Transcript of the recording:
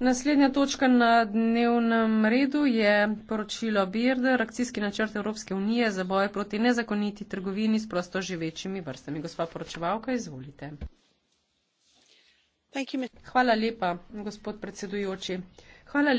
Naslednja točka na dnevnem redu je poročilo Birder, akcijski načrt Evropske unije za boje proti nezakoniti trgovini s prosto živečimi vrstami. Gospa poročevalka, izvolite. Hvala lepa, gospod predsedujoči. Hvala